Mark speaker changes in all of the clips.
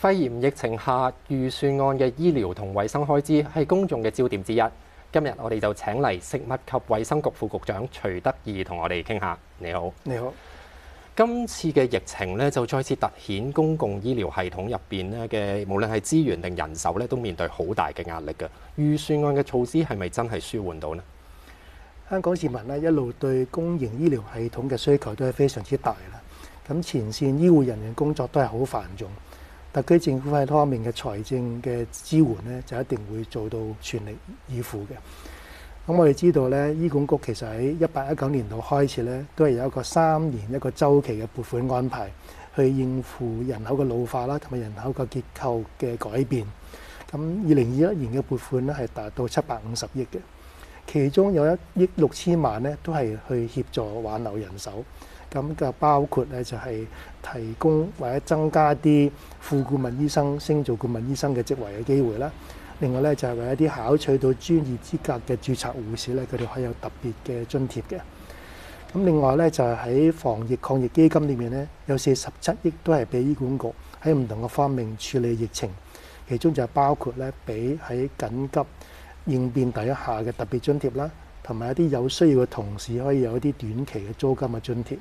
Speaker 1: 肺炎疫情下，預算案嘅醫療同衞生開支係公眾嘅焦點之一。今日我哋就請嚟食物及衞生局副局長徐德義同我哋傾下。你好，你好。今次嘅疫情咧，就再次突顯公共醫療系統入邊咧嘅，無論係資源定人手咧，都面對好大嘅壓力㗎。預算案嘅措施係咪真係舒緩到呢？香港
Speaker 2: 市民呢，一路對公營醫療系統嘅需求都係非常之大啦。咁前線醫護人員工作都係好繁重。特區政府喺多方面嘅財政嘅支援咧，就一定會做到全力以赴嘅。咁我哋知道咧，醫管局其實喺一八一九年度開始咧，都係有一個三年一個週期嘅撥款安排，去應付人口嘅老化啦，同埋人口嘅結構嘅改變。咁二零二一年嘅撥款咧，係達到七百五十億嘅。其中有一億六千萬咧，都係去協助挽留人手。咁就包括咧，就係提供或者增加啲副顧問醫生、升做顧問醫生嘅職位嘅機會啦。另外咧，就係為一啲考取到專業資格嘅註冊護士咧，佢哋可以有特別嘅津貼嘅。咁另外咧，就係喺防疫抗疫基金裏面咧，有四十七億都係俾醫管局喺唔同嘅方面處理疫情。其中就係包括咧，俾喺緊急應變底下嘅特別津貼啦，同埋一啲有需要嘅同事可以有一啲短期嘅租金嘅津貼。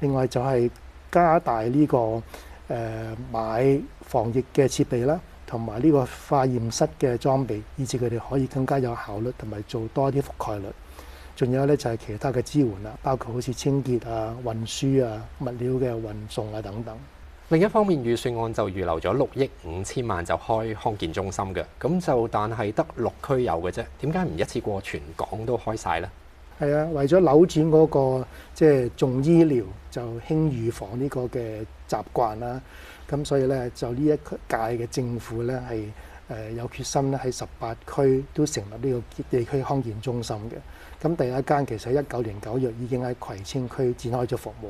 Speaker 2: 另外就係加大呢、這個誒、呃、買防疫嘅設備啦，同埋呢個化驗室嘅裝備，以至佢哋可以更加有效率同埋做多啲覆蓋率。仲有呢，就係、是、其他嘅支援啦，包括好似清潔啊、運輸啊、物料嘅運送啊等等。
Speaker 1: 另一方面，預算案就預留咗六億五千萬就開康健中心嘅，咁就但係得六區有嘅啫，點解唔一次過全港都開晒呢？係
Speaker 2: 啊，為咗扭轉嗰個即係重醫療就輕預防呢個嘅習慣啦，咁所以咧就呢一屆嘅政府咧係誒有決心咧喺十八區都成立呢個地區康健中心嘅，咁第一間其實一九年九月已經喺葵青區展開咗服務。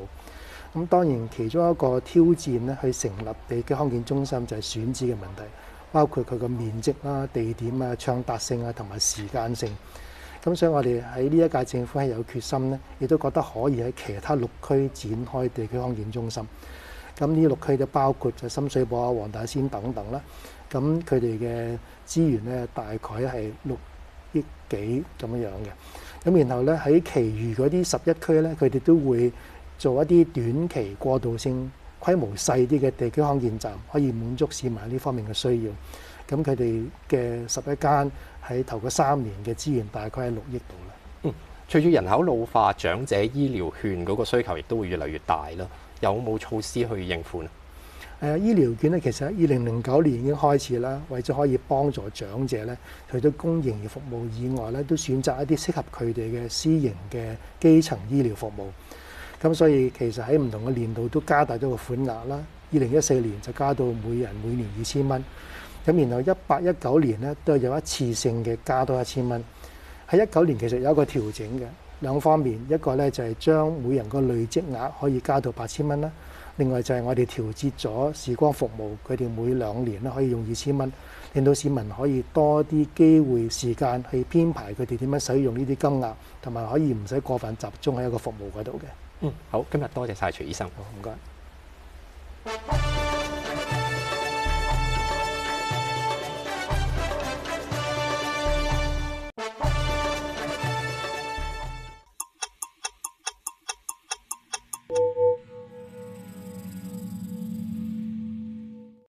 Speaker 2: 咁當然，其中一個挑戰咧，去成立地區康健中心就係選址嘅問題，包括佢嘅面積啦、地點啊、暢達性啊同埋時間性。咁所以，我哋喺呢一屆政府係有決心咧，亦都覺得可以喺其他六區展開地區康健中心。咁呢六區就包括就深水埗啊、黃大仙等等啦。咁佢哋嘅資源咧，大概係六億幾咁樣嘅。咁然後咧，喺其餘嗰啲十一區咧，佢哋都會做一啲短期過渡性、規模細啲嘅地區康健站，可以滿足市民呢方面嘅需要。咁佢哋嘅十一間喺頭個三年嘅資源大概係六億度啦。
Speaker 1: 嗯，隨著人口老化，長者醫療券嗰個需求亦都會越嚟越大啦。有冇措施去應付咧？
Speaker 2: 係啊，呃，醫療券咧，其實喺二零零九年已經開始啦。為咗可以幫助長者咧，除咗公營嘅服務以外咧，都選擇一啲適合佢哋嘅私營嘅基層醫療服務。咁所以其實喺唔同嘅年度都加大咗個款額啦。二零一四年就加到每人每年二千蚊。咁然後一八一九年呢，都有一次性嘅加多一千蚊。喺一九年其實有一個調整嘅兩方面，一個呢，就係將每人個累積額可以加到八千蚊啦。另外就係我哋調節咗視光服務，佢哋每兩年可以用二千蚊，令到市民可以多啲機會時間去編排佢哋點樣使用呢啲金額，同埋可以唔
Speaker 1: 使過分集中喺一個服務嗰度嘅。嗯，好，今日多謝晒徐醫生，好唔該。謝
Speaker 2: 謝。